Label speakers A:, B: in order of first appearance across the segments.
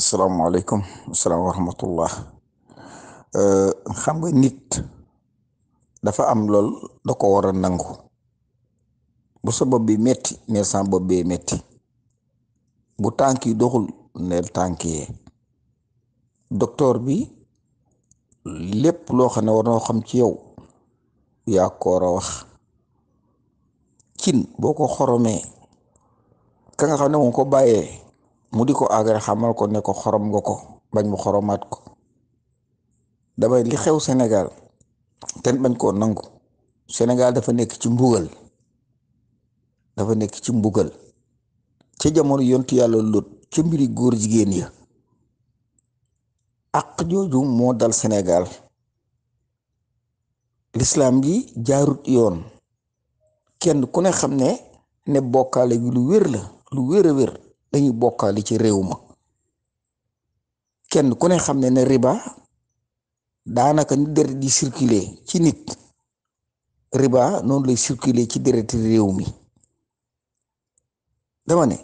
A: asalaamaaleykum asalaam wa rahmatullah xam nga nit dafa am lool da ko war a nangu bu sa bopp bi metti neel sa bopp bee metti bu tànk doxul neel tànk yee docteur bi lépp loo xam ne war xam ci yow yaa ko war a wax cin boo ko xoromee ka nga xam ne moo ko bàyyee mu di ko agar xamal ko ne ko xorom nga ko bañ mu xoromaat ko damay li xew senegal ten bañ koo nangu senegal dafa nekk ci mbugal dafa nekk ci mbugal ca jamono yontu yàlla Lóot ca mbiri góor jigéen ya ak jooju moo dal Sénégal lislaam gi jaarut yoon kenn ku ne xam ne ne bokkaale gi lu wér la lu wér a wér dañuy bokkali ci réew ma kenn ku ne xam ne ne riba daanaka ni deret di circuler ci nit riba noonu lay circuler ci dereti réew mi dama ne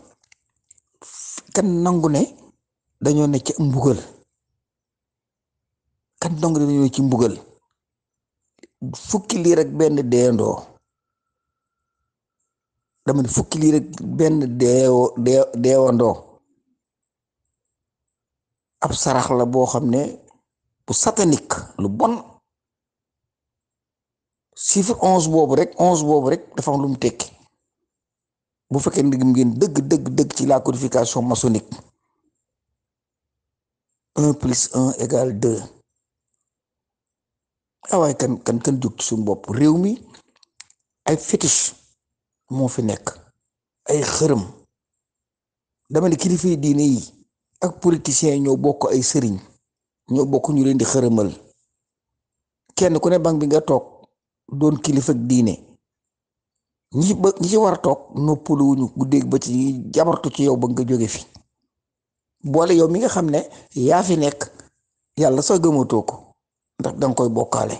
A: kan nangu ne dañoo ne ci mbugal kan nangu ne dañoo ci mbugal fukki lii rek benn deendoo dama ne fukki lii rek benn deewo deewandoo ab sarax la boo xam ne bu satanique lu bon chiffre onze boobu rek onze boobu rek dafa lu mu tekki bu fekkee ndigam ngeen dëgg dëgg dëgg ci la codification maçonnique un plus un égale deux awaay ah kan kan kan jóg ci bopp réew mi ay fétiche moo fi nekk ay xërëm dama ne kilifay diine yi ak politiciens ñoo bokk ay sëriñ ñoo bokk ñu leen di xërëmal kenn ku ne bank bi nga toog doon kilifa diine ñi ba ñi ci war a toog noppaluwuñu guddeeg ba ci jabartu ci yow ba nga jóge fi boole yow mi nga xam ne yaa fi nekk yàlla soo gëmatoo ko ndax danga koy bokkaale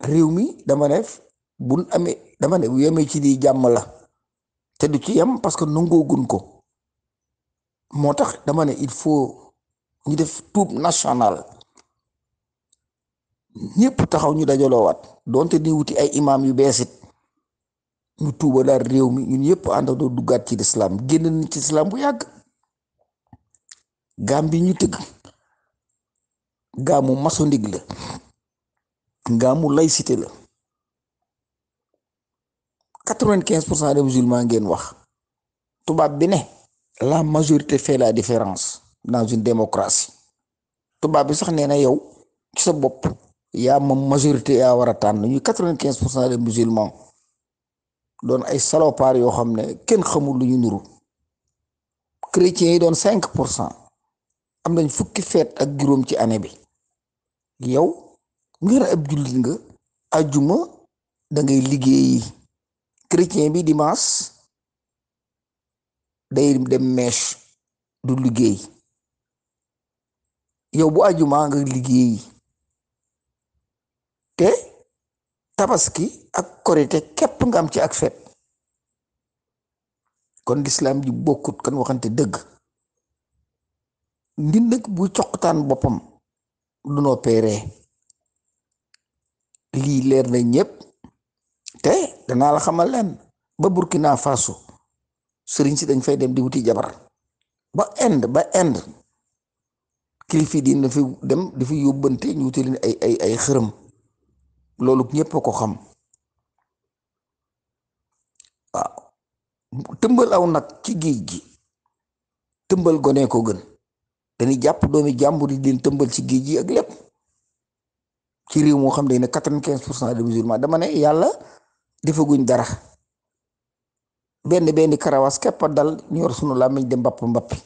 A: réew mi dama ne buñ amee dama ne bu yemee ci di jàmm la te du ci yem parce que nangoo gun ko moo tax dama ne il faut ñu def tuub national ñëpp taxaw ñu dajaloowaat donte di wuti ay imaam yu beesit ñu tuuba daal réew mi ñun yëpp àndandoo duggaat ci lislaam génn nañ ci lislaam bu yàgg gaam bi ñu tëgg gaamu maçonnique la gaamu laïcité la quatre-vingt-quinze pour cent des musulmans ngeen wax tubaab bi ne la majorité fait la différence dans une démocratie tubaab bi sax nee na yow ci sa bopp yaa moom majorité yaa war a tànn ñu quatre-vingt-quinze pour cent des musulmans doon ay salopaar yoo xam ne kenn xamul lu ñu nuru chrétiens yi doon cinq pour cent am nañ fukki feet ak juróom ci année bi yow ngeen ab jullit nga ajuma da ngay liggéeyi chrétien bi dimanche day dem mèche du liggéey yow bu aju maa nga liggéey te tabaski ak korite képp nga am ci ak fet kon lislaam ji bokkut kan waxante dëgg nit nag bu coqtaan boppam du noppee lii leer na ñépp te danaa la xamal leen ba Burkina Faso sëriñ si dañ fay dem di wuti jabar ba Inde ba Inde kilifi di na fi dem di fi yóbbante ñu wuti leen ay ay ay xërëm loolu ñëpp a ko xam waaw tëmbal aw nag ci géej gi tëmbal gone ko gën dañuy jàpp doomi jàmbur yi leen tëmbal ci géej gi ak lépp ci réew moo xam ne ne quatre-vingt-quinze pour cent de musulman dama ne yàlla defaguñ dara benn benn karawaas képp a dal ñu yor sunu làmmiñ di mbapp mbappi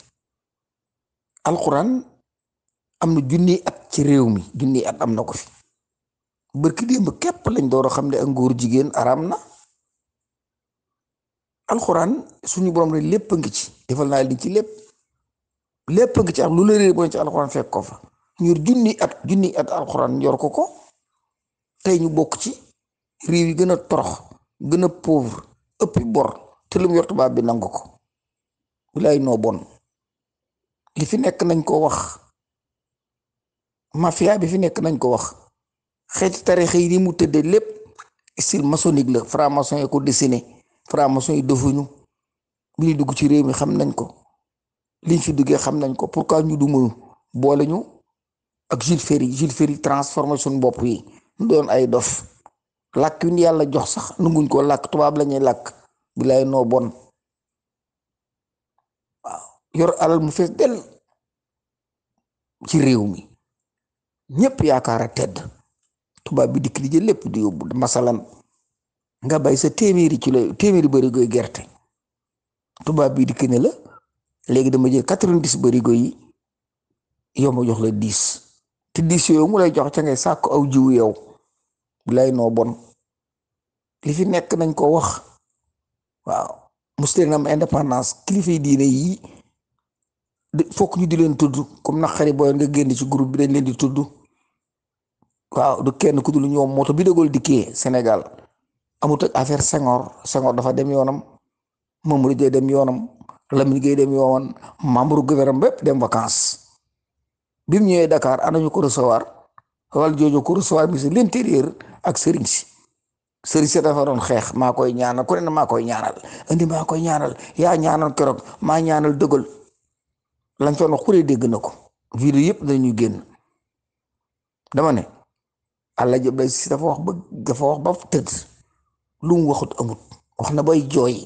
A: alxuraan am na junni at ci réew mi junni at am na ko fi bërki démb képp lañ door a xam ne ak ngóor jigéen araam na alxuraan suñu borom ne lépp a ngi ci defal naa li ci lépp lépp ngi ci am lu la réer mooy ci alxuraan fekk ko fa ñu yor junni at junni at alxuraan yor ko ko tey ñu bokk ci réew yi gën a torox gën a pauvre ëppi bor te lu mu yor tubaab bi nangu ko wilaay noo bon li fi nekk nañ ko wax mafia bi fi nekk nañ ko wax xeeti tarix yi ni mu tëddee lépp style maçonnique la franc-maçon yi ko dessiné franc-maçon yi bi ñu dugg ci réew mi xam nañ ko liñ fi duggee xam nañ ko pour pourquoi ñu du mënu boole ñu ak Jules Ferry Jules Ferry transformation bopp yi ñu doon ay dof làkk wi yàlla jox sax nanguñ koo làkk tubaab lañuy làkk lay noo bon waaw yor alal mu fees del ci réew mi ñépp yaakaar a tedd tubaab bi dikk di jël lépp di yóbbu masalan nga bay sa téeméeri kilo téeméeri barigoy gerte tubaab bi dikk ne la léegi dama jël quatre-vingt-dix barigo yi yow ma jox la dix te dix yooyu mu lay jox ca ngay sàkk aw jiwu yow lay noo bon li fi nekk nañ ko wax waaw muslim am indépendance kilifa diine yi fokk ñu di leen tudd comme na xari booy nga génn ci groupe bi dañ leen di tudd waaw du kenn ku dul ñoom moto bi dëggool dikkee Sénégal amut ak affaire Senghor Senghor dafa dem yoonam Mamadou Dia dem yoonam Lamine Gueye dem yoon bépp dem vacances bi ñëwee dakaar ana ñu ko recevoir wala jooju ko recevoir ministre l'intérieur ak sëriñ si sëriñ si dafa xeex maa koy ñaanal ku ne maa koy ñaanal indi maa koy ñaanal yaa ñaanal keroog maa ñaanal dëggal lañ fa wax xuree dégg na ko vidéo yëpp dañuy génn dama ne Alaaji Abdoulaye Cissé dafa wax ba dafa wax ba tëdd lu waxut amut wax na bay jooy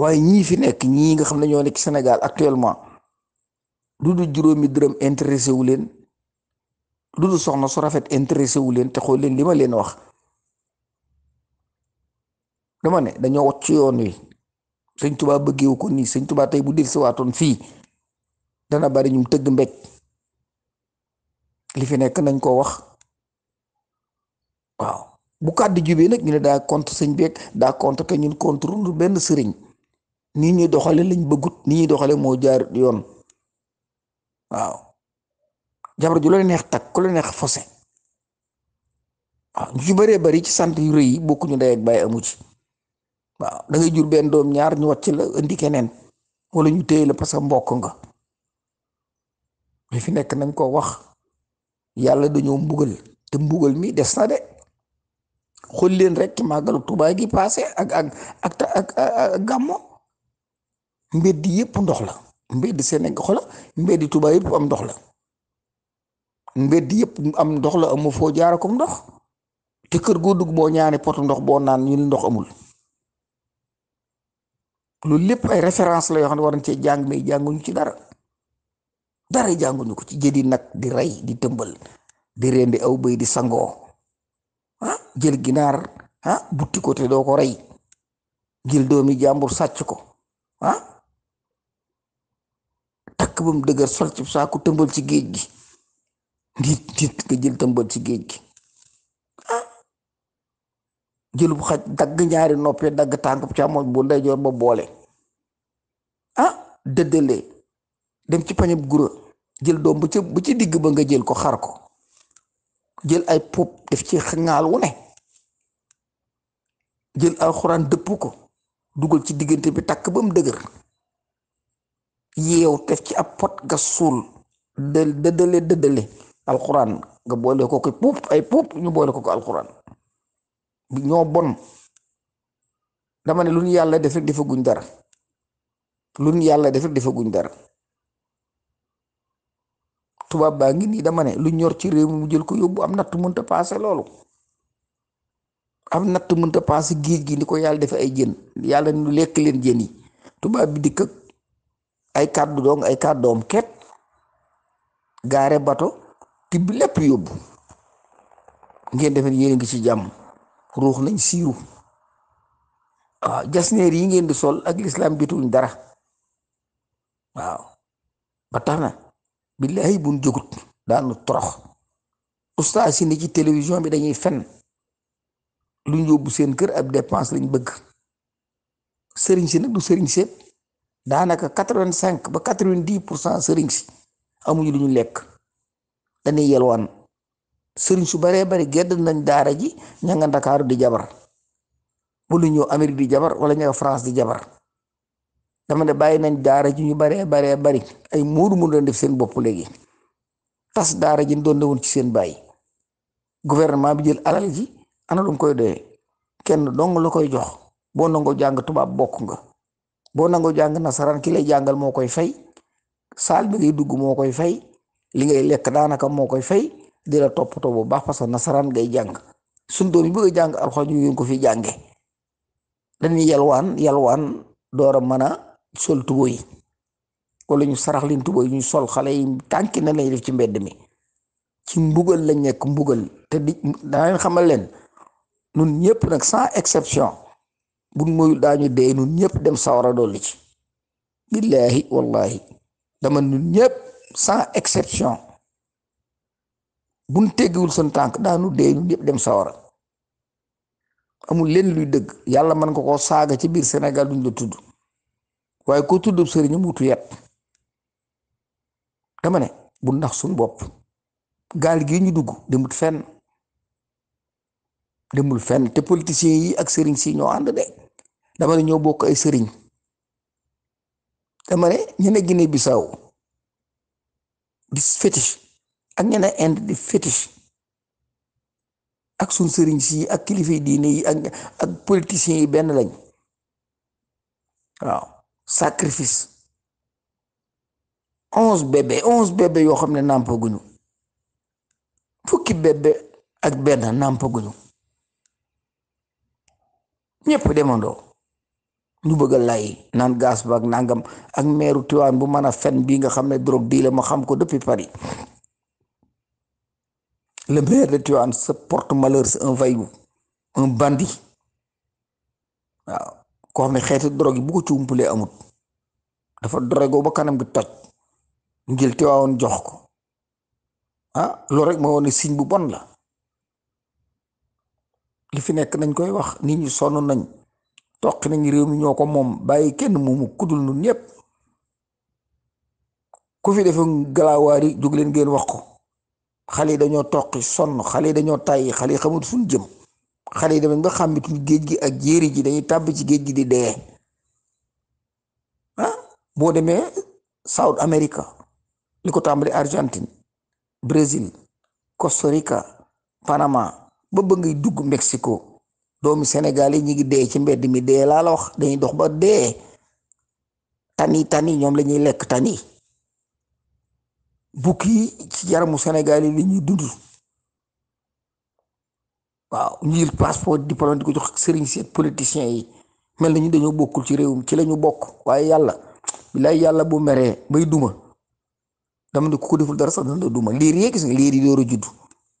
A: waaye ñii fi nekk ñii nga xam ne ñoo nekk Sénégal actuellement du du juróomi dërëm intéressé wu leen lu dul soxna su rafet intéressé wu leen te xool leen li ma leen wax dama ne dañoo ci yoon wi sëñ tubaa bëggeewu ko nii sëñ tubaa tey bu dil si waatoon fii dana bari ñum tëgg mbéj li fi nekk nañ koo wax waaw bu kàdd jubee nag ñu ne daa contre sëñ beeg daa contre que ñun contre benn sëriñ nii ñuy doxale lañ bëggut nii ñuy doxale moo jaar yoon waaw jabar ju la neex takk ku la neex fose waaw ñu ci bëree bari ci sant yu rëy yi bokkuñu ndey ak baay amu ci waaw da jur benn doom ñaar ñu wàcc la indi keneen wala ñu téye la parce que mbokk nga li fi nekk nañ ko wax yàlla dañoo mbugal te mbugal mi des na de xool leen rek ci màggalu Tuubaa gi paase ak ak ak ak gàmmo mbedd yëpp ndox la seen Sénégal xola mbedd Tuubaa yëpp am ndox la. mbedd yëpp am ndox la amu foo jaara comme ndox te kër goo dugg boo ñaani pot ndox boo naan ñu ndox amul loolu lépp ay référence la yoo xam ne war cee jàng mais jànguñu ci dara dara jànguñu ko ci jëli nag di rey di tëmbal di rendi aw bëy di sangoo ah jël ginaar ah butti ko te doo ko rey jël doomi jàmbur sàcc ko ah takk ba mu dëgër sol ci saako tëmbal ci géej gi nit nit nga jël tëmbal ci géej gi ah jëlub xaj dagg ñaari noppee dagg tànkub càmmoñ bu ndeyjoor ba boole ah dëddalee dem ci pañab gura jël doom ba ci digg ba nga jël ko xar ko jël ay pop def ci xaŋaal wu ne jël alxuraan dëpp ko dugal ci diggante bi takk ba mu dëgër yeew def ci ab pot nga suul dë dëddale dëddale alxuraan nga boole ko ko puup ay puup ñu boole ko ko alquran ñoo bon dama ne lu ñu yàlla def rek defaguñ dara lu yàlla def defaguñ dara tubaab baa ngi nii dama ne lu ñor ci réew mi mu jël ko yóbbu am natt mënta paase loolu am natt mënta paase géej gi ni ko yàlla defe ay jën yàlla nu lekk leen jën yi tubaab bi dikk ay kàddu doong ay kàddoom ket gaare bato ki bi lépp yóbbu ngeen defeen yéen ngi ci jàmm ruux nañ siiru waaw jasneer yi ngeen di sol ak lislaam jotuñ dara waaw ba tax na billaahi buñ jógut daanu torox ustaas ni ci télévision bi dañuy fen luñ yóbbu seen kër ab dépense lañ bëgg sëriñ si nag du sëriñ sépp daanaka quatre vingt ba quatre pour cent sëriñ si amuñu lu lekk dañuy yelwaan sëriñ su baree bari gedd nañ daara ji ña nga ndakaaru di jabar wala ñëw Amérique di jabar wala ña nga France di jabar dama ne bàyyi nañ daara ji ñu baree baree bari ay muur mu doon def seen bopp léegi tas daara ji doon na ci seen bàyyi gouvernement bi jël alal ji ana lu koy doyee kenn dong la koy jox boo nangoo jàng tubaab bokk nga boo nangoo jàng nasaraan ki lay jàngal moo koy fay saal bi ngay dugg moo koy fay. li ngay lekk daanaka moo koy fay di la toppatoo bu baax parce que nasaraan ngay jàng suñ doom yi bëgg a jàng alxuraan ñu ngeen ko fi jànge dañuy yalwaan yalwaan door a mën a sol tubo yi wala ñu sarax leen ñu sol xale yi tànki na lañuy def ci mbedd mi ci mbugal lañ nekk mbugal te di daa leen xamal leen nun ñëpp nag sans exception bu moyul daañu dee nun ñëpp dem sawara dolli ci billaahi wallahi dama nun ñëpp sans exception buñ teggiwul seen tànk daanu dee ñun ñëpp dem sawara amul lenn luy dëgg yàlla mën nga koo saaga ci biir Sénégal duñ la tudd waaye koo tuddub sëriñ mutu yet dama ne bu ndax suñ bopp gaal gi ñu dugg demut fenn demul fenn te politiciens yi ak sëriñ si ñoo ànd de dama ne ñoo bokk ay sëriñ dama ne ñu ne Guinée Bissau di fétiche ak ñene Inde di fétiche ak suñ sëriñ si ak kilifa yi diine yi ak ak yi benn lañ waaw sacrifice onze bébé onze bébé yoo xam ne nàmpaguñu fukki bébé ak benn nàmpaguñu ñëpp demandoo ñu bëgg a lay naan gaz baak nangam ak meeru Tiwaan bu man a fen bii nga xam ne drogue dii la ma xam ko depuis Paris le maire de Tiwaan se porte malheur c'est un voyou un bandit waaw koo xam ne xeeti drogue yi bu ko ci umpalee amut dafa drogo ba kanam gi toj ngir Tiwaawoon jox ko ah loolu rek ma woon ne bu bon la li fi nekk nañ koy wax nit ñi sonn nañ toq nañ réew mi ñoo ko moom bàyyi kenn moomu kudul nun ñëpp ku fi defe galaawaari jóg leen ngeen wax ko xale yi dañoo toqi sonn xale yi dañoo tàyyi xale yi xamul suñ jëm xale yi damañ ba xàmmituñ géej gi ak jéeri ji dañuy tàbb ci géej gi di dee ah boo demee South America li ko tàmbali Argentine Brésil Costa Rica Panama ba ba ngay dugg Mexico doomi Sénégal yi ñu ngi dee ci mbedd mi dee laa la wax dañuy dox ba dee tani tani ñoom lañuy lekk tani bukki yi ci yaramu Sénégal yi li ñuy dund waaw ñuy passeport diplôme di ko jox sëriñ si politiciens yi mel nañu dañoo bokkul ci réewum ci lañu bokk waaye yàlla bilaay yàlla bu meree bay duma dama ne ku ko deful dara sax dana la duma liir yee gis nga liir yi door a judd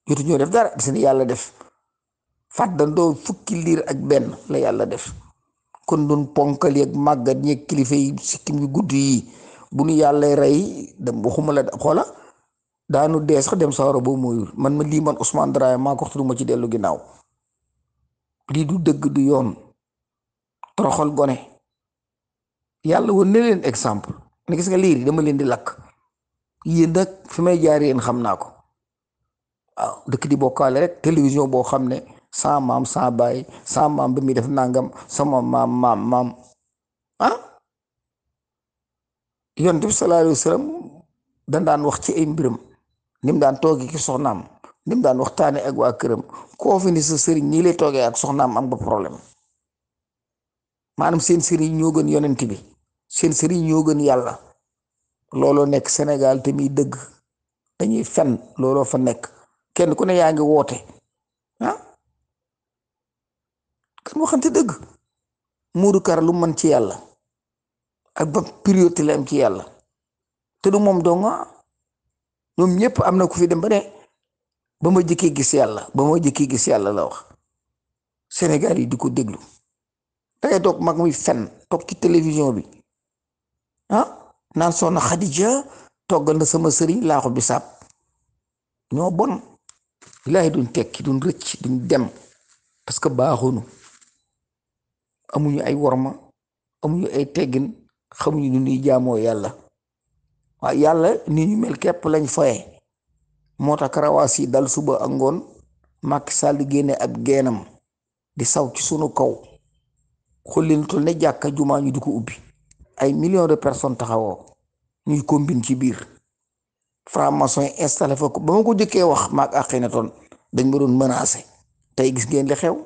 A: jotu ñoo def dara gis ne yàlla def fàttandoo fukki liir ak benn la yàlla def kon dun ponkal yeeg màggat ñeeg kilifa yi sikkim yu gudd yi bu nu yàlla rey dem waxuma la xoola daanu dee sax dem sawara boo moyul man ma lii man Ousmane Dramé ma ko waxtu ma ci dellu ginnaaw lii du dëgg du yoon toroxal gone yàlla woon ne leen exemple ne gis nga liir yi dama leen di lakk yéen nag fi may jaar yéen xam naa ko dëkk di bokkaale rek télévision boo xam ne sa maam sa baay sa maam bi muy def nangam sama maam maam maam ah yonent bi sallallahu alayhi wa sallam daan wax ci ay mbiram ni daan toogee ki soxnaam ni daan waxtaanee ak waa këram koo fi ni sa sëriñ nii lay toogee ak soxnaam am ba problème maanaam seen sëriñ ñoo gën yonent bi seen sëriñ ñoo gën yàlla looloo nekk Sénégal te muy dëgg dañuy fen looloo fa nekk kenn ku ne yaa ngi woote ah kan waxante dëgg muuru Kara lu man ci yàlla ak ba priorité la ci yàlla te du moom dong ah. ñoom ñëpp am na ku fi dem ba ne ba ma jëkkee gis yàlla ba ma jëkkee gis yàlla la wax Sénégal yi du ko déglu dangay toog mag muy fen toog ci télévision bi ah naan soxna Xadija toggal na sama sëriñ laaxu bisaab ñoo bon bilaay duñ tekki duñ rëcc duñ dem parce que baaxunu amuñu ay worma amuñu ay teggin xamuñu nu ñuy jaamoo yàlla waaye yàlla ni ñu mel képp lañ faye moo tax karawaas yi dal suba ak ngoon Macky Sall di génne ab geenam di saw ci sunu kaw xolli lu toll ne jàkka jumaa ñu di ko ubbi ay millions de personnes taxawoo ñuy combine ci biir franc-maçon installé fa ko ba ma ko jëkkee wax maak àqi na toon dañ ma doon menacé tey gis ngeen li xew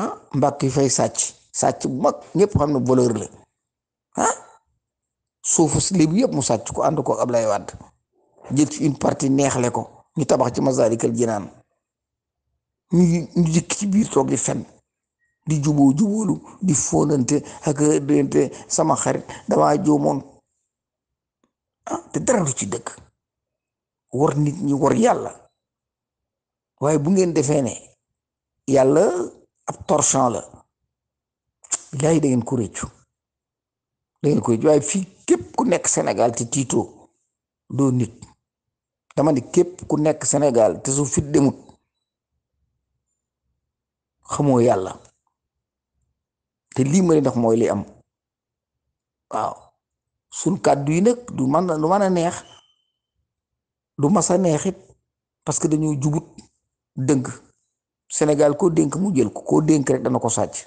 A: ah mbàkk yi fay sàcc sàcc bu mag ñépp xam ne voleur la ah suufu slib yëpp mu sàcc ko ànd ko Ablaye Wade jël ci une partie neexle ko ñu tabax ci Masaalikal Jinaan ñu ñu jëkk ci biir toog di fen di juboo juboolu di fóonante ak dente sama xarit damaa joomoon ah te dara lu ci dëkk war nit ñi war yàlla waaye bu ngeen defee ne yàlla ab torchon la gars yi da ngeen ko réccu da ngeen waaye fii képp ku nekk Sénégal te tiitoo doo nit dama ni képp ku nekk Sénégal te su fit demut xamoo yàlla te lii ma ndax mooy li am waaw suñ kàddu yi nag du man du mën a neex du mas a neexit parce que dañoo jubut dëng senegal koo dénk mu jël ko koo dénk rek dana ko sàcc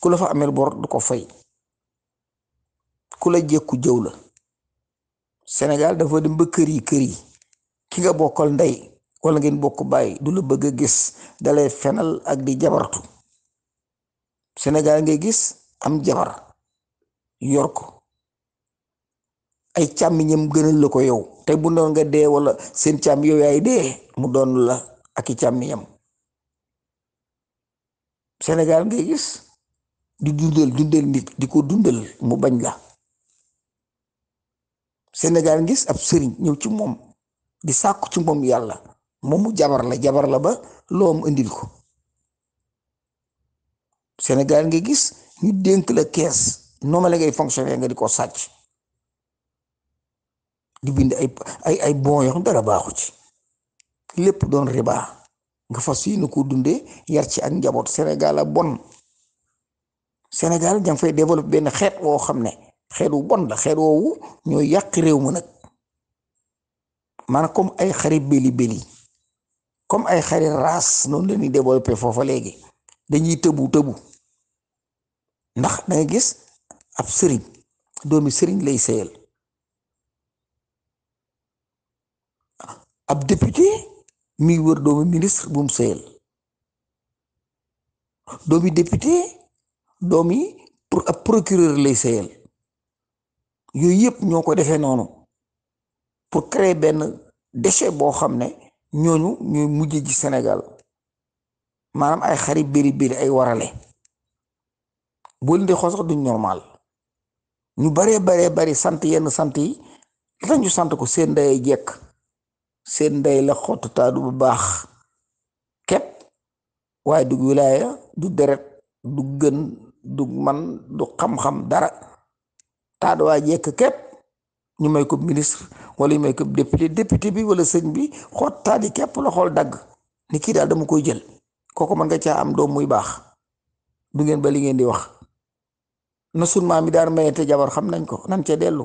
A: ku la fa amel bor du ko fay ku la jékku jëw la senegal dafa dem ba kër yi kër yi ki nga bokkal ndey wala ngeen bokk bàyyi du la bëgg a gis dalay fenal ak di jabartu Sénégal ngay gis am jabar yor ko ay càmmiñam gënal la ko yow te bu doon nga dee wala seen càmm yow yaay dee mu doon la ak i càmmiñam Sénégal ngay gis di dundal dundal nit di ko dundal mu bañ la Sénégal ngis ab sëriñ ñëw ci moom di sàkku ci moom yàlla moom mu jabar la jabar la ba loom indi ko Sénégal nga gis ñu dénk la kees nooma ngay fonctionner nga di ko sàcc di bind ay ay ay bon yoo dara baaxu ci lépp doon riba nga fas yéene ko dunde yar ci ak njaboot Sénégal a bon Sénégal da fay développe benn xeet woo xam ne xeet wu bon la xeet woowu ñoo yàq réew mi nag maana comme ay xari beli beli comme ay xari raas noonu la ñuy développé foofa léegi dañuy tëbu tëbu ndax da gis ab sëriñ doomi sëriñ lay sëyal ab député. mi wër doomu ministre bu mu sëyal doomi député doomi pour ab procureur lay sëyal yooyu yëpp ñoo ko defee noonu pour créer benn déchet boo xam ne ñooñu ñooy mujj ci Sénégal maanaam ay xarit bëri bëri ay warale boo leen du xool sax normal ñu baree baree bari sant yenn sant yi la sant ko seen ndeyay jekk seen ndey la xottataadu bu baax képp waaye dug wilaaya du deret du gën du man du xam-xam dara taadu waa jekk képp ñu may ko ministre wala ñu may ko député député bi wala sëñ bi xottaadi képp la xool dagg ni kii daal dama koy jël kooku mën nga caa am doom muy baax du ngeen ba li ngeen di wax na sun maam mi daan mayente jabar xam nañ ko nan ca dellu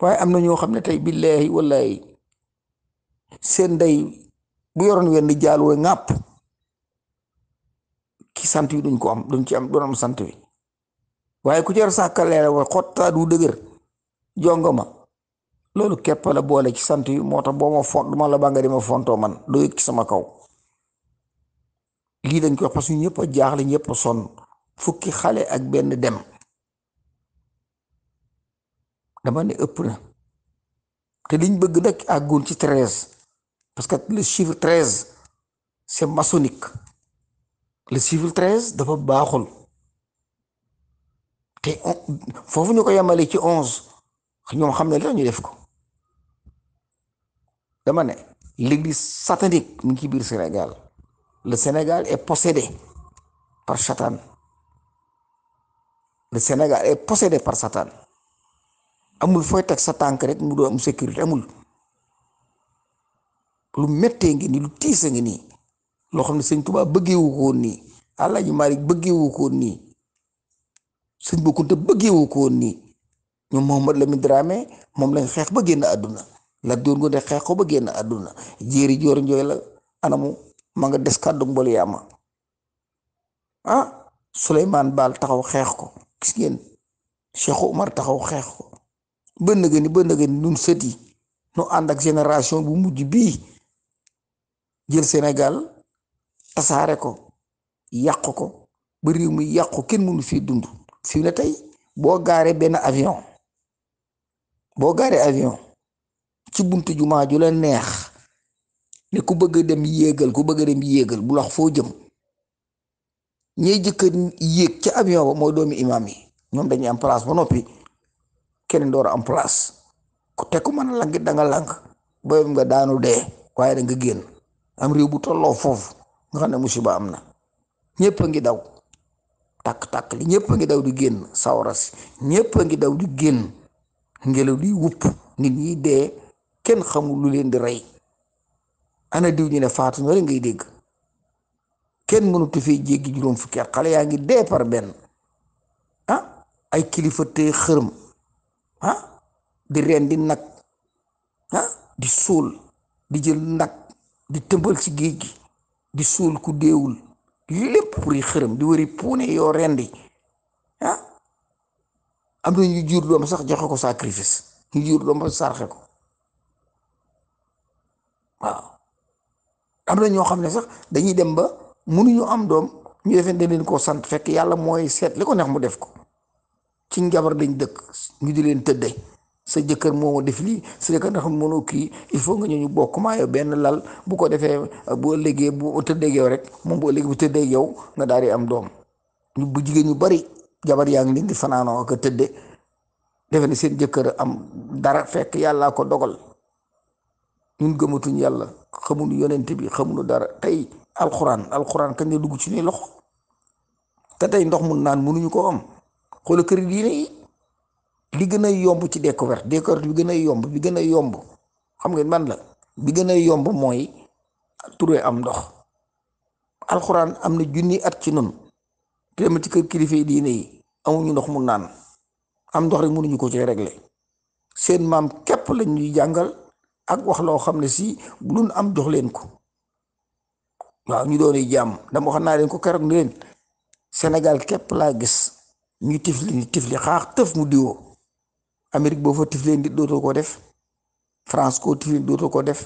A: waaye am na ñoo xam ne tey billaahi wallaahi seen ndey bu yoroon wenn jaal wooy ŋàpp ki sant wi duñ ko am duñ ci am doon am sant wi waaye ku jar sàkka leela wa xottaa du dëgër jongama loolu képp la boole ci sant wi moo tax boo ma font duma la ba nga di ma fontoo man doo yëg ci sama kaw lii dañ ko parce que jaaxle ñëpp a sonn fukki xale ak benn dem dama ne ëpp na te liñ bëgg nag àggun ci treize parce que le chiffre treize c'est maçonnique le chiffre treize dafa baaxul foofu ñu ko yemale ci onze ñoom xam ne la ñu def ko dama ne l'église satanique mu ngi ci biir Sénégal le Sénégal est possédé par Satan le Sénégal est possédé par Satan amul fooy teg sa tànk rek mu doo mu sécurité amul lu méttee ngi nii lu tiisa ngi nii loo xam ne sëñ Tuubaa bëggeewu ko woon nii Alaaji Maalik bëggeewu ko woon nii sëñ Bou Kounta bëggeewu ko woon nii ñoom Mouhamad Lamine Dramé moom lañ xeex ba génn àdduna la doon ko de xeex ko ba génn àdduna jéeri joor njooy la anamu ma nga des kàddu mbol yaama ah Souleymane Baal taxaw xeex ko gis ngeen Cheikh Omar taxaw xeex ko ba nëgëni ba nëgëni nun sët yi nu ànd ak génération bu mujj bii jël Sénégal tasaare ko yàq ko ba réew mi yàqu kenn mënu fii dund fi ne tey boo gaaree benn avion boo gaaree avion ci buntu jumaa ju la neex ne ku bëgg dem yéegal ku bëgg dem yégal bu lax foo jëm ñey jëkk yéeg ca avion ba mooy doomi imaam yi ñoom dañuy am place ba noppi keneen door am place ku te ku mën a lang danga lang boyom nga daanu dee waaye danga génn am réew bu tolloo foofu nga xam ne musiba am na ñëpp a ngi daw takk takk li ñëpp a ngi daw di génn sawara si ñëpp a ngi daw di génn ngelaw li wupp nit ñi dee kenn xamul lu leen di rey ana diw ñu ne faatu na dégg kenn mënut a fee xale yaa ngi dee benn ah, ay kilifa te xërëm ah, di reen di nag ah, di suul di jël nag. di tëmbal ci géej gi di suul ku deewul lépp pour yi xërëm di wëri puune yoo rend ah am na ñu jur doom sax joxe ko sacrifice ñu jur doom ba sarxe ko waaw am na ñoo xam ne sax dañuy dem ba mënuñu am doom ñu defee dañ leen koo sant fekk yàlla mooy seet li ko neex mu def ko ci njabar dañ dëkk ñu di leen tëdde sa jëkkër moo ma def lii sa jëkkër ndax mënoo kii il faut nga ñu bokk maa benn lal bu ko defee bu ëllëgee bu tëddeeg rek moom bu ëllëgee bu tëddeeg yow nga daal di am doom bu jigéen ñu bari jabar yaa ngi leen di fanaanoo tëdde defe ne seen jëkkër am dara fekk yàllaa ko dogal ñun gëmatuñ yàlla xamuñu yonent bi xamuñu dara tey alxuraan alxuraan kañ la dugg ci ne loxo te ndox mun naan mënuñu koo am xoola kër diine yi li gën a yomb ci découverte découverte bi gën a yomb bi gën a yomb xam nga man la bi gën a yomb mooy trouver am ndox alxuraan am na junni at ci nun te dem ci kër kilifa yi diine yi amuñu ndox mu naan am ndox rek mënuñu ko ci régler seen maam képp lañuy ñuy jàngal ak wax loo xam ne si bu dul am jox leen ko waaw ñu doon jàmm dama wax naa leen ko keroog ni leen Sénégal képp laa gis ñu tifli ni tifli xaax tëf mu diwoo Amérique boo fa tiflee nit dootoo ko def France koo tiflee nit dootoo ko def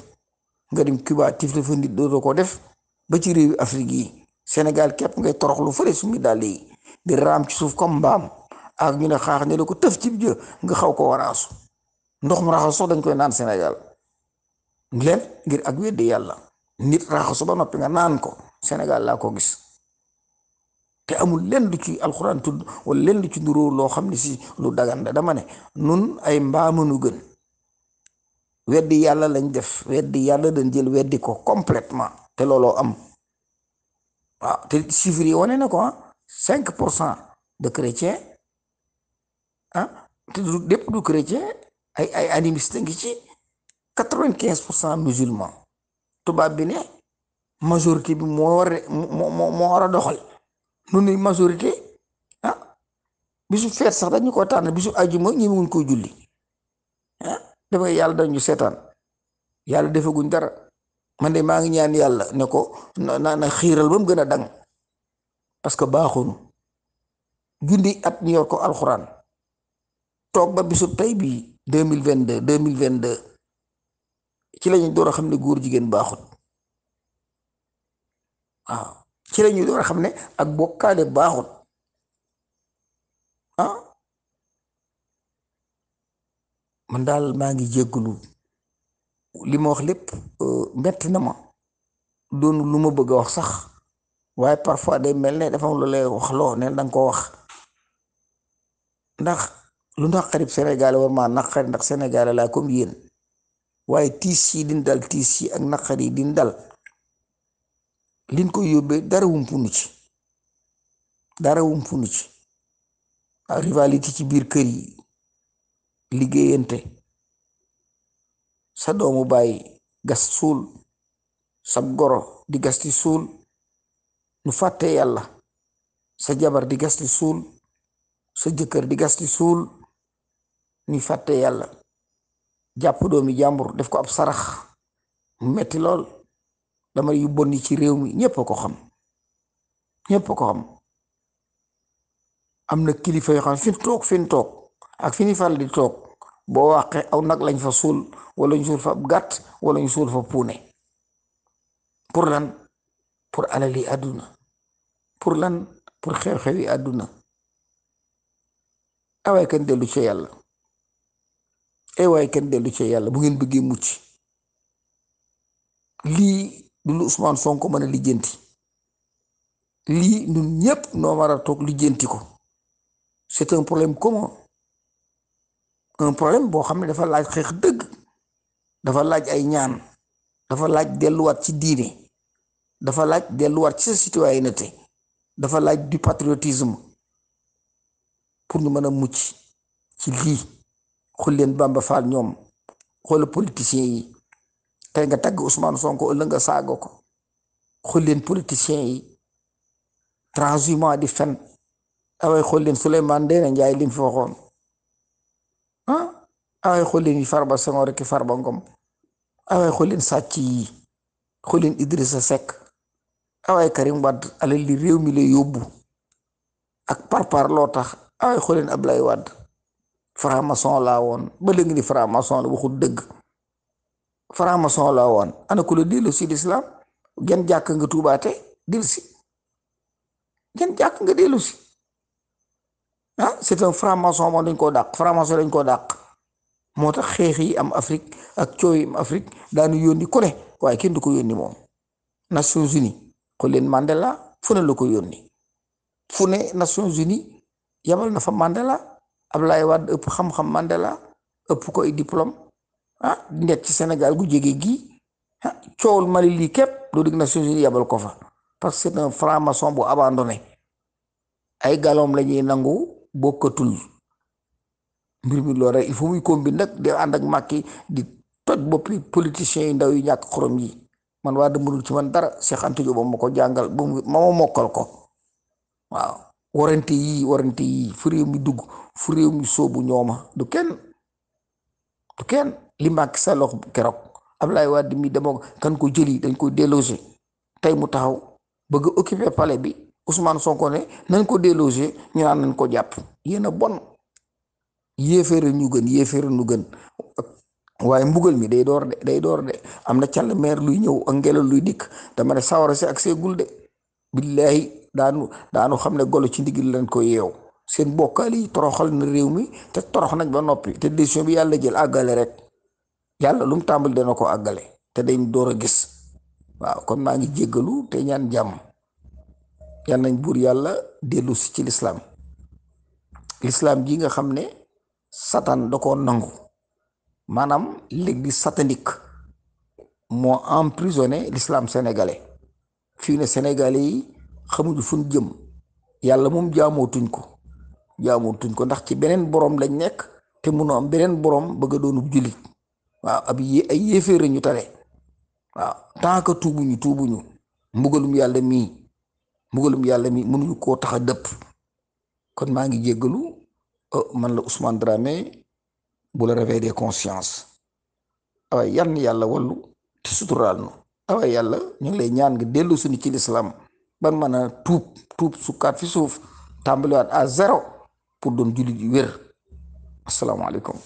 A: nga dem Cuba tiflee fa nit dootoo ko def ba ci réewi yi Sénégal képp ngay toroxlu fële su ngi dàll yi di raam ci suuf comme mbaam ak ñu ne xaax ne ko tëf ci jë nga xaw ko waraasu ndox mu raxasu dañ koy naan Sénégal lépp ngir ak weddi yàlla nit raxasu ba noppi nga naan ko Sénégal laa ko gis. te amul lenn lu ci alxuraan tudd wala lenn lu ci nduróo loo xam ne si lu dagan dama ne nun ay mbaamanu gën weddi yàlla lañ def weddi yàlla dañ jël weddi ko completement te looloo am waaw te chiffre yi wane na ko ah, cinq pour cent de chrétien ah te du dépp du chrétien ay ay animiste ngi ci quatre-vingt-quinze pour cent musulman tubaab bi ne majorité bi moo war war a doxal nu nuy majorité ah, bisu feet sax dañu ko tànn bisu àjjuma ñi mënuñ koo julli ah damay yàlla dañu seetaan yàlla defaguñ dara man de maa ngi ñaan yàlla ne ko na na xiiral ba mu gën a dang parce que baaxoonu jundi at ñu yor ko alxuraan toog ba bisu tey bii deux mille vingt de deux mille vingt de ci lañu door a xam ne góor jigéen baaxut waaw ci la door a xam ne ak bokkaale baaxut ah man daal maa ngi jéggulu li ma wax lépp euh, metti na ma doonu lu ma bëgg wax sax waaye parfois de mel ne dafa am lu wax loo ne danga ko wax ndax lu naqarib Sénégal war maa naqari ndax Sénégal laa comme yéen waaye tiis yi din dal tiis yi ak naqar yi din dal liñ koy yóbbee dara wumpunu ci dara wumpunu ci rivalité ci biir kër yi liggéeyante sa doomu baay gas suul sa goro di gas di suul nu fàtte yàlla sa jabar di gas di suul sa jëkkër di gas di suul nu fàtte yàlla jàpp doomi jàmbur def ko ab sarax mu metti lool dama yu bon ci réew mi ñépp ko xam ñépp ko xam am na kilifa yoo xam fi toog fi toog ak fi ñu di toog boo waxee aw nag lañ fa suul wala ñu suul fa gàtt wala ñu suul fa puune pour lan pour yi àdduna pour lan pour xew-xewi àdduna ay kenn dellu ci yàlla ay waay kenn dellu ci yàlla bu ngeen bëggee mucc lii du lu Ousmane Sonko mën a liggéenti lii ñun ñëpp noo war a toog liggéenti ko c'est un problème commun un problème boo xam ne dafa laaj xeex dëgg dafa laaj ay ñaan dafa laaj delluwaat ci diine dafa laaj delluwaat ci sa citoyenneté dafa laaj du patriotisme pour ñu mën a mucc ci lii xool leen Bamba Fall ñoom xool politiciens yi. tey nga tagg Ousmane Sonko ëllëg nga saago ko xool leen politiciens di fen away ah xool leen Souleymane Ndéné Ndiaye lim fi waxoon ah away ah xool Farba Senghor ki Farba Ngom away ah xool sàcc yi xool leen Idrissa Seck away Karim Wade alal li réew mi la yóbbu ak parpar loo tax away xool leen Ablaye Wade franc woon ba léegi ni franc la waxul dëgg franc la woon ana ku la dellu si lislaam gen jàkk nga tuubaate dellu si gen jàkk nga dellu si ah c'est un franc-maçon moom dañ koo dàq franc dañ koo dàq moo tax xeex yi am Afrique ak coow yi am Afrique daanu yónni ku waaye kenn du ko yónni moom Nations Unies xool leen Mandela fu la ko yónni fu ne Nations Unies yabal na fa Mandela Ablaye Wade ëpp xam-xam Mandela ëpp ko ay Ah, di nekk ci Sénégal gu jege gi ah coowul Mali lii képp doo dig Nations Unies yabal ko fa parce que c'est un franc bu abandonné ay galoom la nangu bokkatul mbir mi loolu rek il faut muy combine nag di ànd ak Macky di toj boppi politiciens yi ndaw yi ñàkk xorom yi man waa dëmbalul ci man dara Cheikh Anta Diop ba ma ko jàngal ba ma mokkal ko waaw warante yii warante yii fu réew mi dugg fu réew mi soobu ñooma du kenn du kenn li Macky Sall wax keroog Ablaye Wade mi demoo kan ko jëli dañ ko délogé tey mu taxaw bëgg a occuper bi Ousmane Sonko ne nañ ko délogé ñu naan nañ ko jàpp yéen a bon yéeféere ñu gën yéeféere waaye mbugal mi day door de day door de am na càll luy ñëw ak ngelaw luy dikk dama ne sawara si ak seegul de billaahi daanu daanu xam ne golo ci ndigil lañ ko yeew seen bokkaal yi toroxal na réew mi te torox nañ ba noppi te décision bi yàlla jël àggale rek yàlla lu mu tàmbali dana ko àggale te dañ door a gis waaw kon maa ngi jéggalu te ñaan jàmm yàlla nañ buur yàlla dellu si ci lislaam lislaam ji nga xam ne satan da koo nangu maanaam l'église satanik moo en emprisonné l'islam sénégalais fii ne sénégalais yi xamuñu fu jëm yàlla moom jaamootuñ ko jaamootuñ ko ndax ci beneen borom lañ nekk te mënoo am beneen borom bëgg a doonu jullit waaw ab yé ay yéeféer ñu tale waaw tant que tuubuñu tuubuñu mbugalum yàlla mii mbugalum yàlla mii mënuñu koo tax a dëpp kon maa ngi jéggalu oh, man la Ousmane Dramé bu la réveil des consciences awaay yan yàlla wallu te suturaal nu awaay yàlla ñu ngi lay ñaan nga dellu suñu ci lislaam ban mën a tuub tuub sukkaat fi suuf tàmbaliwaat à zéro pour doon jullit yu wér asalaamaaleykum